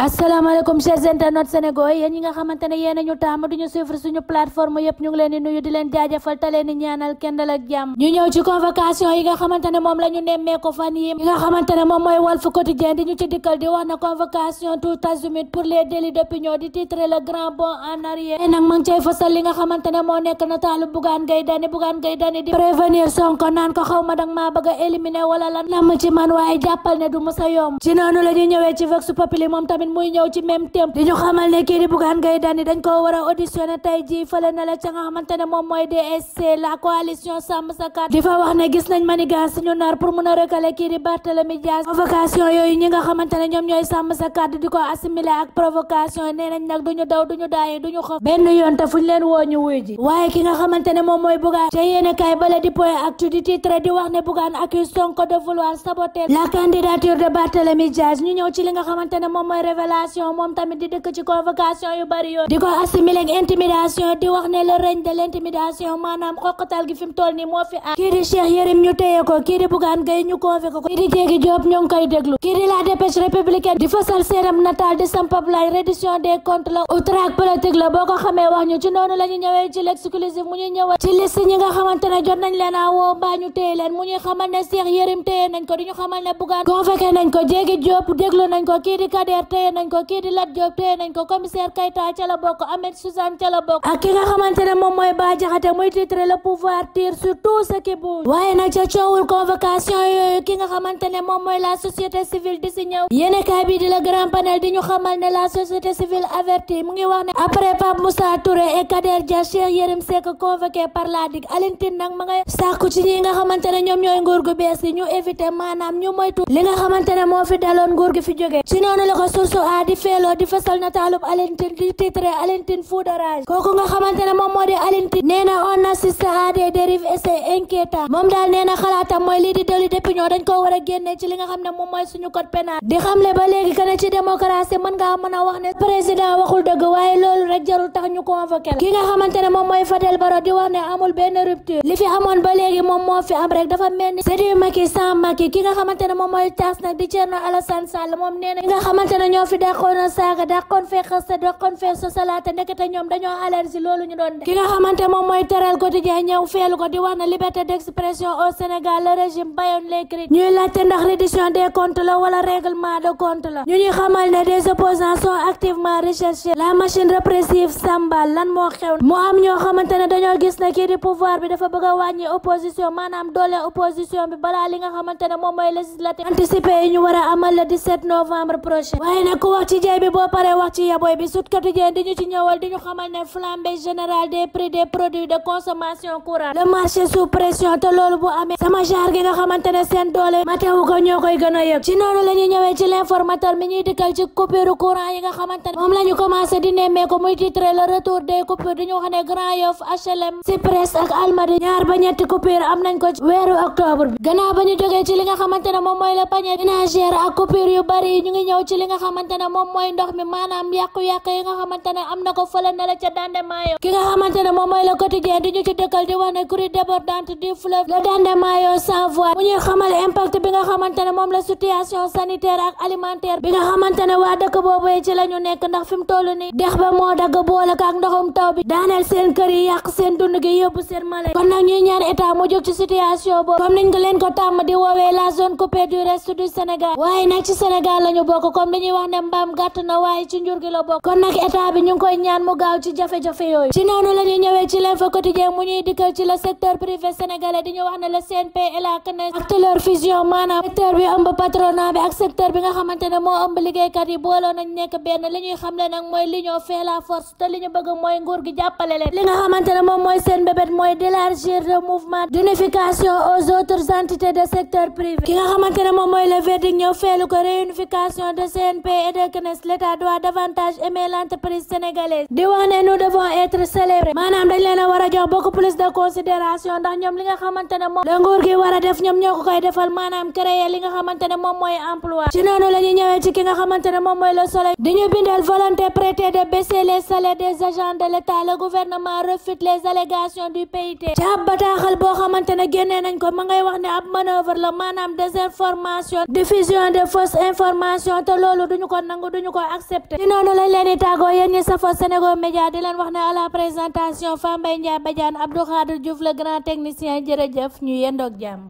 asalaamaaleykum chers internautes Sénégal yéen ñi nga xamante ne yéen ñu taamu duñu suivre suñu plateforme yëpp ñu ngi leen di nuyu di leen jaajëfal te leen di ñaanal kenn dal ak jàmm ñu ñëw ci convocation yi nga xamante ne moom la ñu nemmee ko fan yi nga xamante moom mooy Walf Quotidien di ñu ci dikkal di wax na convocation tous azimuts pour les délits d'opinion di titre le grand bond en arrière tey nag ma ngi cay li nga xamante ne moo nekk na Bougane Gueye Dany Bougane Gueye xaw ma dang maa bëgg wala la ñu tamit muy ñëw ci même temps di ñu xamal ne kii di Bougane Gueye Dany dañ ko war a auditionné tey na la ca a de Barthélémy Dias ñu ñëw ci li nga xamante moom mooy révélation moom tamit di dëkk ci convocation yu bari yoo di ko assimilé ak intimidation di wax ne le règne de l' intimidation maanaam xoqatal gi fi mu toll nii moo fi am kii di Cheikh Yérim ñu téye ko kii di Bougane Gueye ñu convoqué ko kii di Diégui Diop ñu ngi koy déglu kii di la dépêche républicaine di fësal seenam natal di sampab lay reddition des comptes la outrage politique la boo ko xamee wax ñu ci noonu la ñëwee ci l'exclusive ci ñi nga xamante jot nañ leen a woo téye nañ ko kii di Lat Diop téye nañ ko commissaire Kayta ca la bokk Ahmed Suzanne ca la bokk ak ki nga xamante ne moom mooy Bah Diakhaté muy titre le pouvoir tire sur tout ce waaye nag ca coowul convocation yooyu ki nga xamante moom mooy la société civile di si ñëw yéenekaay bi di la grand panel di ñu xamal ne la société civile avertie mu ngi wax ne après Pape Moussa Touré et Kader Dia Cheikh convoqué par la DIC Alioune nag ma ngay sàkku ci ñi nga xamante ne ne moo fi daloon nguur gi fi jógee ci noonu so a di feeloo di fasal nataalub Alioune Tine di titre Alioune Tine fou de rage kooku nga xamante ne moom moo di Alioune d'état moom daal nee na xalaatam mooy lii di délit d'opinion dañ koo war a génne ci li nga xam ne moom mooy suñu code pénal di xamle ne a moom mooy Fadel Barro di wax ne amul benn rupture li fi amoon ba léegi moom moo fi am rek dafa mel ni c'est du Macky sans ki nga xamante ne moom mooy tas nag di Thierno Alassane Sall moom nee ki nga xamante ne ñoo fi dàqoon a saaga dàqoon fee xasta dàqoon fee sosalaate ndekete ñoom dañoo allergie loolu ñu doon ki nga xamante moom d'expression au Sénégal régime bayoon les critiques des comptes la wala règlement de compte la ñu ñuy xamal ne des opposants activement recherchés la machine répressive samba lan moo xew mu am ñoo xamante dañoo gis na kii pouvoir bi dafa bëgg a wàññi opposition maanaam doole opposition bi balaa li nga xamante ne moom mooy législative anticipé yi ñu war a amal le novembre prochain waaye nag ku wax ci jey bi boo paree wax ci yaboy bi sut quotidien di ñu ci ñëwal élection te loolu bu amee sama genre gi nga xamante ne seen doole a yëg la ñuy ñëwee ci l'informateur mi ñuy di ñaar ba ñetti coupure am nañ ko weeru octobre bi gannaaw ba ñu jógee ci li nga xamante moom mooy yu bari ñu ngi li nga xamante ne moom mooy ndox mi maanaam yàqu-yàqu yi nga xamante ne am na ko fële na la ca dande maayo ki nga xamante moom mooy le quotidien di ñu ci dëkkal di wax ne kuréel débordante di du fleuve le Dandamayo sans voix mu ñuy xamal impact bi nga xamante ne moom la situation sanitaire ak alimentaire bi nga xamante ne waa dëkk boobu ci la ñu nekk ndax fi mu toll nii dex ba moo dagg boole ak ndoxum taw bi daaneel seen kër yi yàq seen dund gi yóbbu seen mala kon nag ñuy ñaan état mu jóg ci situation boobu comme niñ leen ko tàmm di woowee la zone coupée du reste du Sénégal waaye nag ci Sénégal la ñu bokk comme dañuy wax ne mbaam gàtt na waaye ci sénégalais di ñu wax ne le CNP et la CNES ak leur maanaam secteur bi ëmb patronat bi ak secteur bi nga xamante ne ëmb liggéeykat yi booloo nañ nekk benn li ñuy xamle nag mooy force te li ñu bëgg mooy nguur gi jàppale leen li nga xamante mooy seen bébét mooy d'élargir le mouvement d'unification aux autres entités de secteur privé ki nga xamante mooy le verdict ñëw feelu ko réunification de CNP et de CNES l'état doit davantage aimer l'entreprise sénégalaise a war a nga xamante ne moom la nguur gi war a def ñoom ñoo ko koy defal maanaam créer li nga xamante moom mooy emploi di ñu bindal volonté prêtée de baisser les salaires des agents de l'état le gouvernement refute les allégations du PIT ci ab bataaxal boo xamante ne nañ ko ma ngay wax ne ab manœuvre la maanaam désinformation diffusion de fausses informations te loolu duñu ko nangu duñu ko accepté ci noonu lañ leen di tàggoo yéen ñi safoo Sénégo Média di leen wax ne jërëjëf ñu yendoog jàmm